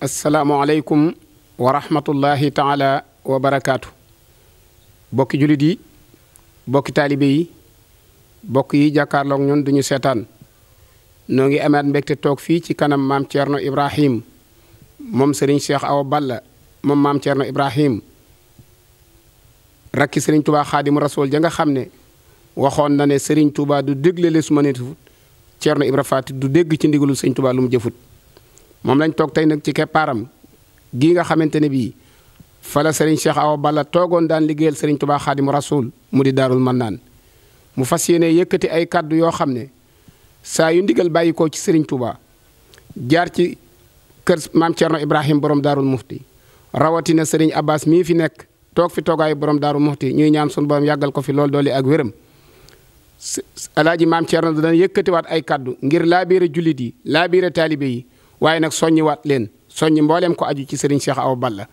asalaamualeykum wa rahmatullahi taala wa barakaatu bokki jullit yi bokki taalibe yi bokk yi jàkkaarloog ñun duñu seetaan noo ngi amaat mbégte toog fii ci kanam maam Thierno Ibrahim moom sëriñ Cheikh Awa Balla moom maam Thierno Ibrahim rakki sëriñ Touba xaadimu rasool ja nga xam ne waxoon na ne sëriñ Touba du dégle le su ma nit Thierno Ibra Faati du dégg ci ndigalu sëriñ Touba lu mu jëfut moom lañ toog tey nag ci keppaaram gii nga xamante ne bii fala sëriñ Cheikh Awa toogoon daan liggéeyal sëriñ Tuubaa Xaadimu Rasuul mu di daarul mannaan mu fas yéene yëkkati ay kàddu yoo xam ne saa yu ndigal bàyyi ko ci sëriñ Tuubaa jaar ci kër maam Thierno Ibrahim borom daarul muxti rawatina sëriñ Abbas mii fi nekk toog fi toogaayu borom daaru muxti ñuy ñaan sun borom yàggal ko fi lool doole ak wéram alaaji maam Thierno dana yëkkatiwaat ay kàddu ngir laabiire jullit yi laabiire taalibe yi waaye nag soññiwaat leen soññi mbooleem ko aju ci sëriñ Cheikh Awa Balla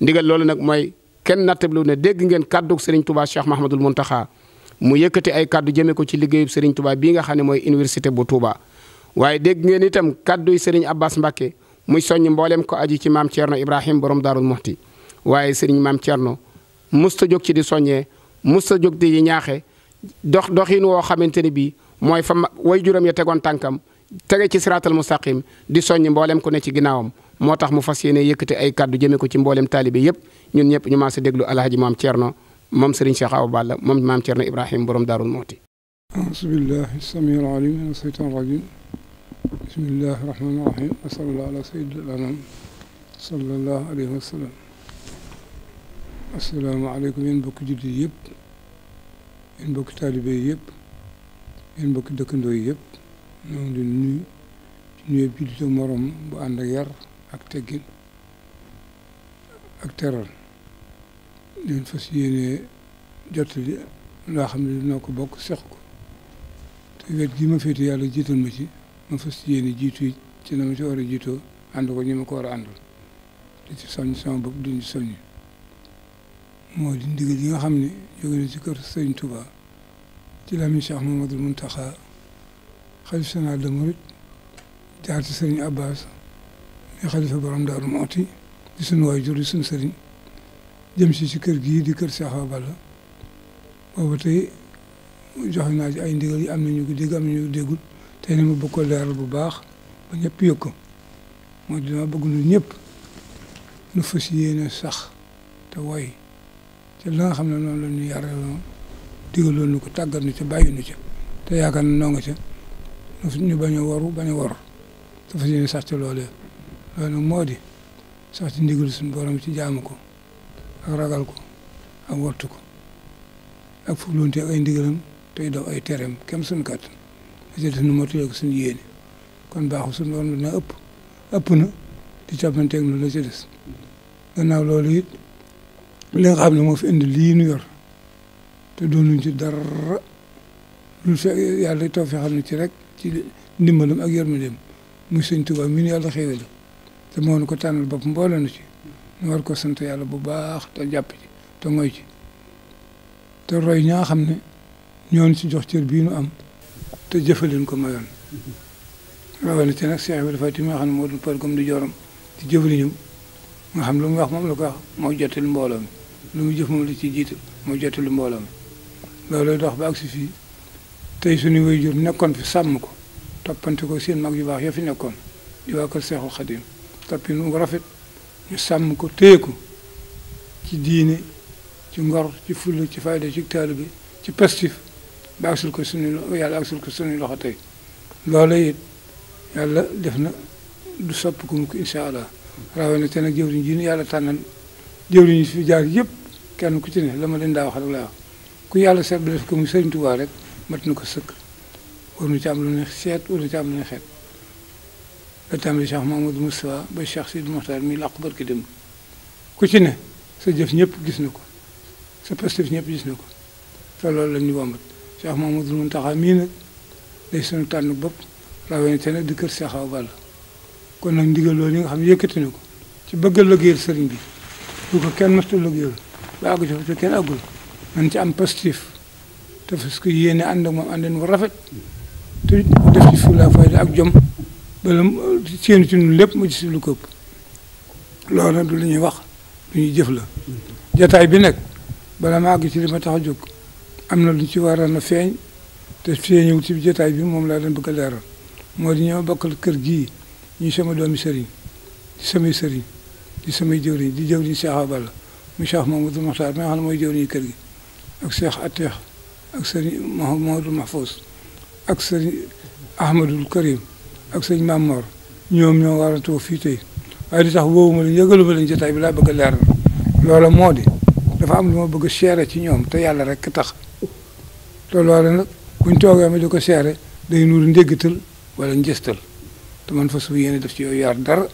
ndigal loolu nag mooy kenn nattablu ne dégg ngeen kàddug sëriñ Touba Cheikh Mahmadul Muntaxa mu yëkkati ay kàddu jëme ko ci liggéeyub sëriñ Touba bii nga xam ne mooy université bu Touba waaye dégg ngeen itam kàdduy sëriñ Abbas Mbacke muy soññ mbooleem ko aju ci maam Thierno Ibrahima borom Daarul Muxti waaye sëriñ maam no musta jóg ci di soññee musta jóg di ñaaxe dox doxin woo xamante ne bii mooy fa way juram ya tegoon tànkam tege ci siraatal mustaqim di soñ mbollem ku ne ci ginnaawam motax mu fasiyene yekete ay kaddu jeme ko ci mbollem taalibe yeb ñun ñep ñu ma sa déglu alhaji mam cierno mam Serigne Cheikh abou Balla mam mam cierno ibrahim borom darul moti bismillahi samir alim العليم من الشيطان الرجيم بسم الله الرحمن الرحيم وصلى الله على سيد الأنام صلى الله عليه وسلم asalaamaaleykum yéen bokk jullit yeb yëpp yéen mbokk taalibe yeb yéen mbokk dëkkandoo yi ñoo ngi leen nuyu di nuyu jullit morom bu ànd ak yar ak teggin ak teral leen fas yéene jottali loo xam ne dinaa ko bokk seq ko te wet gi ma féete yàlla jiital ma ci ma fas yéene jiitu ci na ma ci war a jiitoo ànd ko ñi ma ko war a àndal di ci soññ sama bopp di ci soññ moo di ndigal yi nga xam ne jóge na ci kër Sëriñ Touba ci lamiñ Cheikh Mamadou Mountakha خليفة سنة عبد المريد جارت سرين أباس خليفة برامدا رمعتي لسن واجر لسن سرين جمسي شكر جي دي كر سيحة بالا وبتي جوحنا جي أين ديغل يأمن يوك ديغ أمن يوك ديغل تاني مبكو لير بباخ بني بيوكو ما دينا بقول نيب نفسيين سخ تواي تلا خمنا نولو نيارلو ديغلو نوكو تاقر نيجا بايو نيجا تياغن نونجا نيجا suñu bañ a waru bañ a war te fas yéene sax ci loolee loolu moo di sax ci ndigal borom ci jaamu ko ak ragal ko ak wattu ko ak fugloonte ay ndigalam tey daw ay tereem kem suñu kàttan ci def nu motulee ko suñu yéene kon baaxu suñu borom dina na di càppanteeg lu la ci des gannaaw loolu it li nga xam ne moo fi indi lii nu yor te doonuñ ci dara lu fekk yàlla taw fi xam ci rek ci ndimbalam ak yërmandeem muy sëñ Tuubaa mi nu yàlla xéewal te moo nu ko tànnal bopp mboole ci nu war ko sant yàlla bu baax te jàpp ci te ngoy ci te roy ñaa xam ne ñoon ci jox cër bii nu am te jëfaleen ko mayoon rawal na ci nag Cheikh Ibrahima Faty mi nga xam ne moo doon par comme di joram ci jëfaliñam nga xam lu mu wax moom la ko wax moo jottali mbooloo lu mu jëf moom la ci jiit moo jottali mbooloo mi loolu dox ba agsi fii tey suñu waajur nekkoon fi sàmm ko toppante ko seen mag yu baax ya fi nekkoon di waa kër Seexul Xadim toppin mu rafet ñu sàmm ko téye ci diine ci ngor ci fulla ci fayda ci taalu bi ci pastif ba agsul ko suñu yàlla agsul ko suñu loxo tey loola it yàlla def na du sopp ko mu ko incha allah rawatina te nag jëwriñ ji ñu yàlla tànnal jëwriñ yi fi jaar yëpp kenn ku ci ne la ma leen daa wax laa ku yàlla seet bi def ko mu Sëriñ Tuubaa rek مرتنو كسك ورني تعملو نخسيات ورني تعملو نخيط لتعمل شيخ محمود مصفى باش شيخ سيد المحترمين الأكبر كدم كوتينا سجف نيب جسنوكو سباستف نيب جسنوكو صلى الله عليه وسلم شيخ محمود المنطقة مينة ليس نتعلم بب راوين تانا ذكر شيخ أبو بالا كنا ندير لوني خم يكتنوكو تبقى لو غير سرين بي لو كان مستو لو غير باقي شوف كان أقول من تعم باستيف te fas ko yéene ànd ak moom ànden bu rafet te def ci fulla fayda ak jom bala séenu ci ñun lépp mu ci lu këpp loolu nag du lu ñuy wax lu ñuy jëf la jataay bi nag bala ma àgg ci li ma tax a jóg am na lu ci waroon a feeñ te feeñëw ci jataay bi moom laa doon bëgg a leeral moo di ñoo bokkal kër gii ñu sama doomi sëriñ di samay sëriñ di samay jëwriñ di jëwriñ Cheikh Abala mu Cheikh Mamadou Makhtar mi nga xam ne mooy jëwriñu kër gi ak Cheikh Ateex أكثر محمود المحفوظ أكثر أحمد الكريم أكثر معمر نيوم نيوم غارة توفيتي هذه تحبوه ملن يقلوا ملن جتاي بلا بك لولا مودي دفع عمل ما الشعر تنيوم تيالا رك كتخ لولا نك كنت أغير مدوك الشعر دي نور ندي قتل ولا نجستل تمان فسويين يعني دفتيو يار در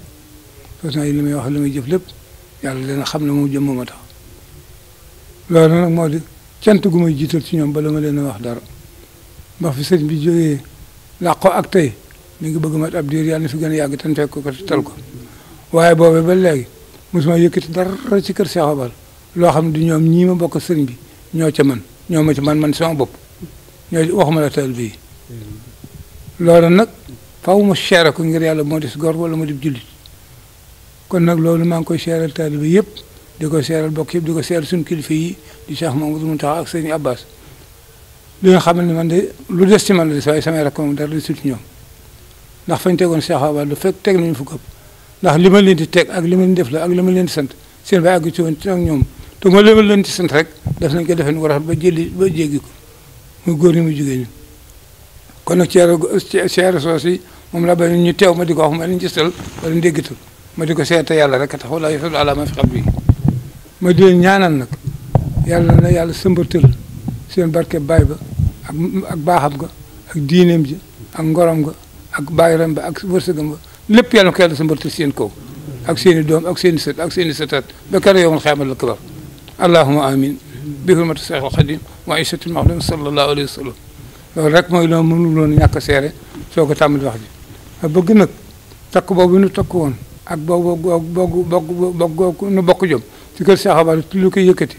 فسنا يلم يعني يوحل ميجف لب يالا يعني لنا خمنا موجم ممتا لولا نك مودي cant gu may jiital ci ñoom bala ma leen wax dara ndax fi sëñ bi jógee làqo ak tey mi ngi bëgg mat ab diir yàlla na fi gën a yàgg tan fekk ko tal ko waaye boobe ba léegi mosuma yëkkati dara ci kër Cheikh Obal loo xam ne du ñoom ñii bokk sëñ bi ñoo ca man ñoo ma ca man man sama bopp ñoo waxuma la tal bii loolu nag faaw ma seere ko ngir yàlla moo des gor walla ma dib jullit kon nag loolu maa ngi koy seeral taalibe yëpp di ko seeral bokk yëpp di ko seeral suñu kilifa yi di Cheikh Mamadou Mountakha ak sëñ Abbas li nga xam ne man de lu des ci man la des waaye samay rakk moom dara desul ci ñoom ndax fañ tegoon Cheikh Abbas lu fekk teg nañu fu këpp ndax li ma leen di teg ak li ma leen def la ak li ma leen di sant seen bay ci woon ci ak ñoom to ma li ma leen di rek def nañ ko defe nu ko ba jëli ba jéggi ko muy góor ñi muy jigéen ñi kon nag ceer ceer soos yi moom laa bëri ñu teew ma di ko wax ma leen gistal wala ndéggital ma di ko seet yàlla rek tax wala yëfal ala ma fi xam bi ma di ñaanal nag yàlla na yàlla sëmbatal seen barke baay ba ak ak baaxam ga ak diineem ji ak ngorom ga ak bàyyiram ba ak wërsëgam ba lépp yàlla na ko yàlla sëmbatal seen kaw ak seen i doom ak seen i sët ak seen i sëtaat ba kere yowmal xiyaamal akbar allahuma amin bi hurmati seex al xadim wa isatul maxdum sallallahu alayhi wa sallam loolu rek mooy loo mënul woon ñàkk a seere soo ko tàmbali wax bëgg nag takk boobu nu takk woon ak boobu boobu boobu nu bokk jom ci kër Cheikh Abdou ci lu koy yëkkati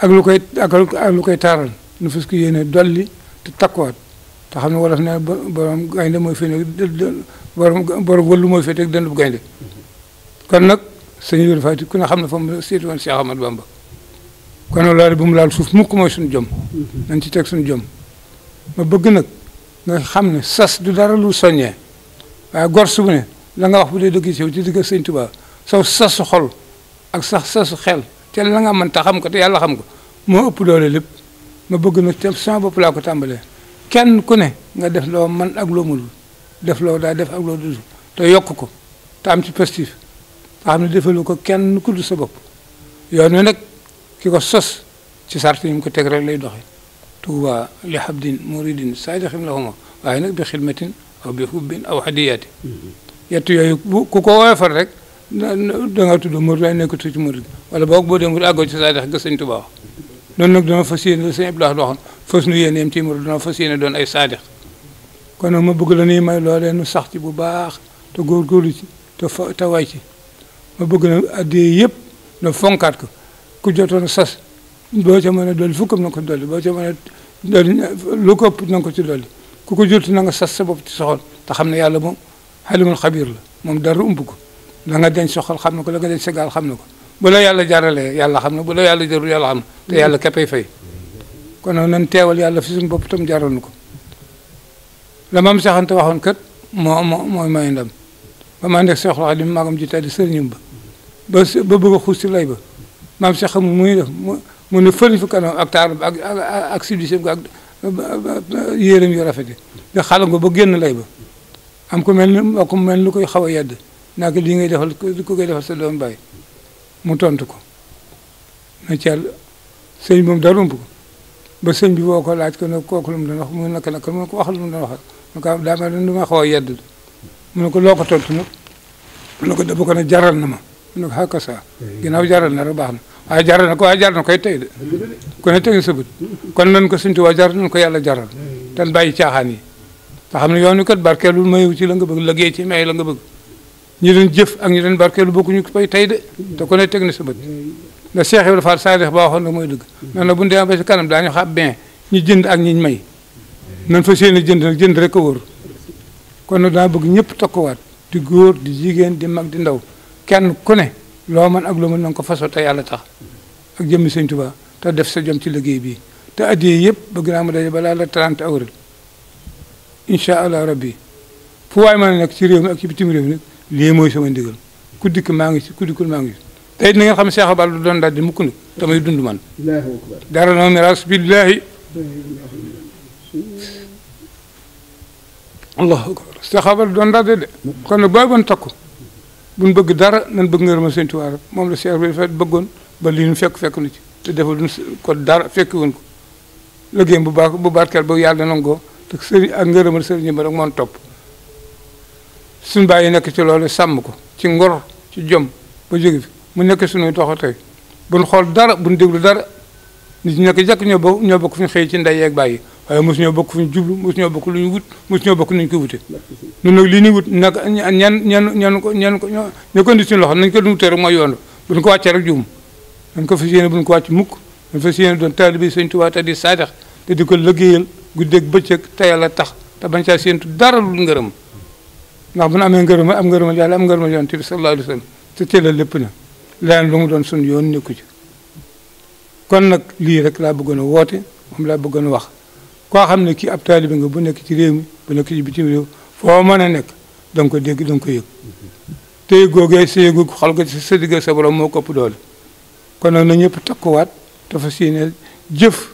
ak lu koy ak lu koy taaral nu fas ko yéene dolli te takkuwaat te xam ne wolof ne borom gaynde mooy fi ne borom borom wëllu mooy fi teg gaynde kon nag sëñ Yoro Fati ku ne xam ne fa mu seeti woon Cheikh Ahmad Bamba kon loolu bu mu laal suuf mukk mooy suñu jom nañ ci teg suñu jom ma bëgg nag nga xam ne sas du dara lu soññee waaye gor su bu ne la nga wax bu dee dëgg ci digg sëñ Tuubaa saw sasu xol ak sax sasu xel te na nga man ta xam ko te yàlla xam ko moo ëpp doole lépp ma bëgg nag te sama bopp laa ko tàmbalee kenn ku ne nga def loo man ak loo mënul def loo daa def ak loo dul te yokk ko tam ci positif nga xam ne defalu ko kenn ku dul sa bopp yoon wi nag ki ko sos ci sart yi ko teg rek lay doxe tuuba li habdin muridin saadixin lahuma waaye nag bi xidmatin aw bi hubbin aw hadiyaati mm-hmm. yettu yooyu ku ko woyofal rek da nga tudd murid waaye nekkatoo ci murid wala boog boo dee murid àggoo ci saa dex ga sëñ Tuubaa noonu nag dana fas yéene sëñ Abdoulaye waxoon fas nu yéeneem ci murid dana fas yéene doon ay saadex kon nag ma bëgg la nuy may loolee nu sax ci bu baax te góorgóorlu ci te fa te way ci ma bëgg na addee yëpp na fonkaat ko ku jotoon sas boo ca mën a dolli fukkam na nga ko dolli boo ca mën a dolli lu ko ëpp na nga ko ci dolli ku ko jot na nga sas sa bopp ci soxoon te xam ne yàlla moom xalimul xabiir la moom dara umb ko la nga denc soxal xam na ko la nga denc sagaal xam na ko bu la yàlla jaralee yàlla xam na bu la yàlla jarul yàlla xam te yàlla képpay fay kon nag nan teewal yàlla fi suñu bopp tam jaral nu ko la maam saxante waxoon kat moo moo mooy may ndam ba maa nekk soxla xadim maagam ji taddi sëriñam ba ba ba bëgg a xuus si lay ba maam sax xamul muy def mu ne fëri fi kanam ak taar ak ak sibdisem ko ak yéeram yu rafet yi da xala nga ba génn lay ba am ku mel ni ko mel ni koy xaw a yedd naa ko lii ngay defal ku koy defal sa doom bàyyi mu tontu ko na ci yàlla sëñ moom dara ump ko ba sëñ bi boo ko laaj ko ne kooku lu mu wax mu naka naka mu ne ko wax lu mu doon wax mu ko ah, daa mel ne ma xaw a yedd mu ne ko loo ko tontu nag mu ne ko da ko na ma mu ne ko xàkka ah, saa ginnaaw jaral na rek baax na waaye ah, jaral na ko waaye jaral na koy tey de ku ne kon nan ko sëñ Tuubaa jaral ko yàlla jaral tan bàyyi caaxaan yi te xam ne yoon wi kat barkeelul mayu ci la nga bëgg liggéey ci may la nga bëgg ñu doon jëf ak ñu doon barkeelu bokkuñu ko fay tey de te ku ne teg na sa bët la Cheikh Ibrahima Fall ba waxoon nag mooy dëgg nan na bu ñu demee ba si kanam daañu xam ñu jënd ak ñu may nan fa seen jënd nag jënd rek a wóor kon nag daa bëgg ñëpp takkuwaat di góor di jigéen di mag di ndaw kenn ku ne loo mën ak loo mën na ko fasoo te yàlla tax ak jëmmi sëñ Tuubaa te def sa jom ci liggéey bi te addiyee yëpp bëgg naa mu daje balaa la 30 avril incha allah rabbi fu waay mën a ci réew mi ak ci lii mooy sama ndigal ku dikk maa ngi si ku dikkul maa ngi si te it na ngeen xam ne Cheikh Abal doon daal di mukk nag damay dund man dara na miraas billaahi allahu akbar Cheikh Abal doon daal de kon nag booy bon takku buñ bëgg dara nan bëgg nga rëma seen tuwaar moom la Cheikh bi fa bëggoon ba lii nu fekk fekk na ci te defal duñ ko dara fekki woon ko liggéeyam bu baax bu barkeel ba yàlla nangoo te sëriñ ak ngërëmal sëriñ ba rek moon topp suñ bàyyi nekk ci loolu sàmm ko ci ngor ci jom ba jóge mu nekk suñuy doxa tey buñ xool dara bu buñ déglu dara nit ñi nekk jàkk ñoo bokk ñoo bokk fu ñu xëy ci ndey yeeg bàyyi waaye mosu ñoo bokk fu ñu jublu mosu ñoo bokk lu ñu wut mosu ñoo bokk nu ñu ko wute ñun nag lii ñuy wut nag ñan ñan ñan ko ñan ko ñoo ko indi suñu loxo nañ ko doon wutee rek mooy yoon buñ ko wàccee rek juum dañ ko fas yéene buñ ko wàcc mukk dañ fas yéene doon taalibe Sëñ Tuubaa te di saadax te di ko liggéeyal guddeeg bëccëg te yàlla tax te bañ caa séentu dara lu ngërëm ndax bu nu amee ngërëmal am ngërëmal yàlla am ngërëmal yonent bi sallallahu alayhi wa sallam te teel a lépp na leneen lu mu doon sun yoon nekku ci kon nag lii rek laa bëggoon a woote moom laa bëggoon a wax koo xam ne kii ab taalibe nga bu nekk ci réew mi bu nekk ci bitim réew foo mën a nekk da nga ko dégg da nga ko yëg te yëgoogee sa yëgu xol nga ci sa digg sa borom moo kopp doole kon nag na ñëpp takkuwaat dafa siyéene jëf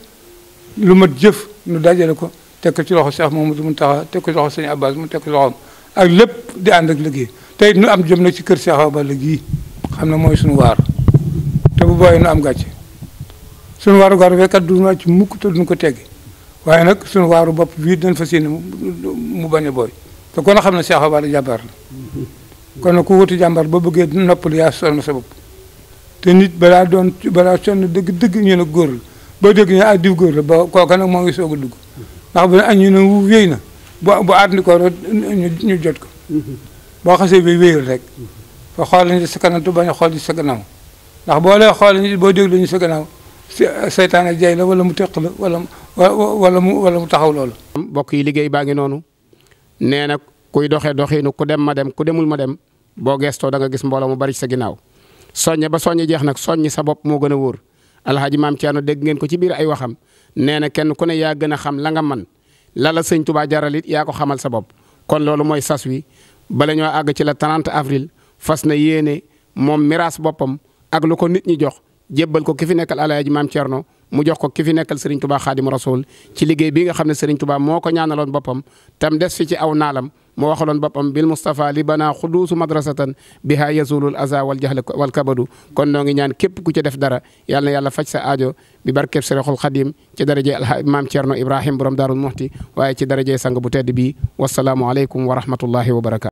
lu mat jëf nu dajale ko teg ko ci loxo Cheikh Mamadou Mountakha teg ko ci loxo sëñ Abbas mu teg ko ci ak lépp di ànd ak liggéey te it nu am jëm na ci kër Cheikh ba Balla gii xam na mooy suñu waar te bu booyee nu am gàcce suñu waaru gar wekkat du ci mukk te duñ ko teggi waaye nag suñu waaru bopp bii dan fa yéene mu bañ a booy te kon xam ne Cheikh Awa Balla jàmbaar la kon ku wuti jàmbaar ba bëggee nopp lu yaa sonn sa bopp te nit balaa doon balaa sonn dëgg dëgg ñu ne góor la ba dégg ñu ah diw góor la ba ko nag moo ngi soog a dugg ndax bu ne añ ah, ñu ne wu na bu bu aat ni ko ñu jot ko boo xasee bi wéyul rek fa xool ni sa kanam xool ni sa gannaaw ndax boo lay xool ni boo déglu ñu sa gannaaw seytaane jay la wala mu teq la wala wala mu wala mu taxaw loolu mbokk yi liggéey baa ngi noonu nee na kuy doxee doxiinu ku dem ma dem ku demul ma dem boo geestoo danga gis mboola mu bari sa ginnaaw soññe ba soññe jeex nag soññi sa bopp moo gën a wóor alxaaji maam Thierno dégg ngeen ko ci biir ay waxam nee na kenn ku ne yaa gën a xam la nga man la la sëñ Touba jaral yaa ko xamal sa bopp kon loolu mooy sas wi bala ñoo àgg ci la 30 avril fas na yéene moom miraas boppam ak lu ko nit ñi jox jébbal ko ki fi nekkal alaaji maam no mu jox ko ki fi nekkal Serigne Touba khadim rasoul ci liggéey bi nga xamne Serigne Touba moko ñaanalon bopam tam des fi ci aw nalam mo waxalon bopam bil mustafa li banaa madrasatan biha yazulul aza wal jahl wal kabad kon no ngi ñaan kep ku ci def dara yàlla yàlla fajj sa aajo bi barkeb serigne khadim ci daraje al imam Thierno Ibrahim borom darul muhti waye ci daraje sang bu tedd bi wassalamu alaykum wa rahmatullahi wa barakatuh